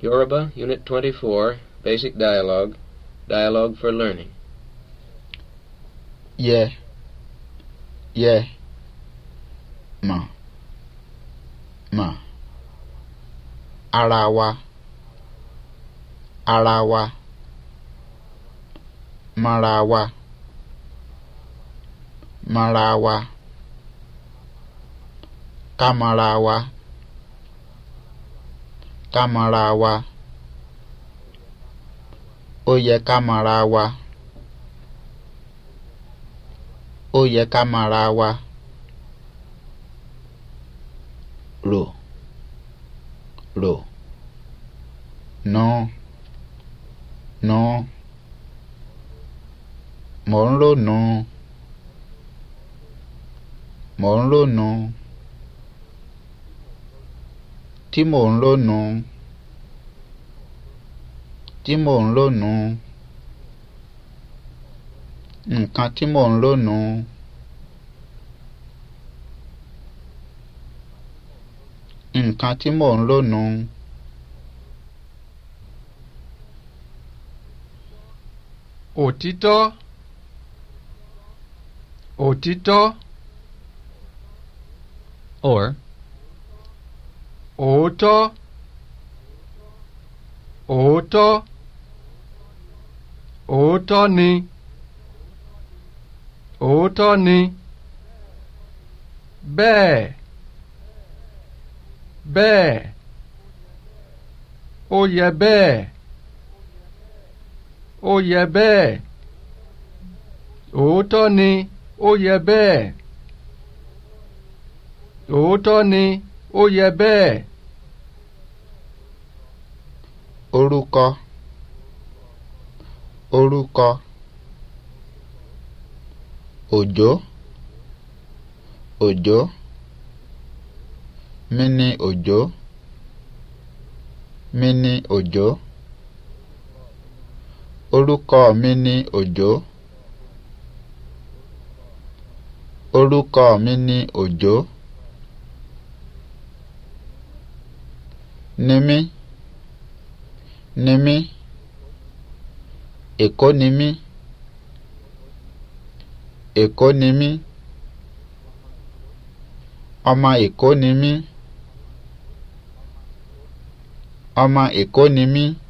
Yoruba, Unit 24, Basic Dialogue, Dialogue for Learning. Yeah. Yeah. Ma. Ma. Arawa. Arawa. Marawa. Marawa. Kamarawa. ká mọra wa ó yẹ ká mọra wa ó yẹ ká mọra wa rò rò nà nà mò ń rònú mò ń rònú tí mò ń lò nù tí mò ń lò nù nǹkan tí mò ń lò nǹkan tí mò ń lò òtítọ́ òtítọ́ or òótọ́ òótọ́ òótọ́ ni òótọ́ ni bẹ́ẹ̀ bẹ́ẹ̀ ó yẹ bẹ́ẹ̀ ó yẹ bẹ́ẹ̀ òótọ́ ni ó yẹ bẹ́ẹ̀ òótọ́ ni ó yẹ bẹ́ẹ̀ orúkọ orúkọ òjò òjò mi ni òjò mi ni òjò orúkọ mi ni òjò orúkọ mi ni òjò. ni mí ni mí èkó ni mí èkó ni ọmọ èkó ni mí ọmọ èkó ni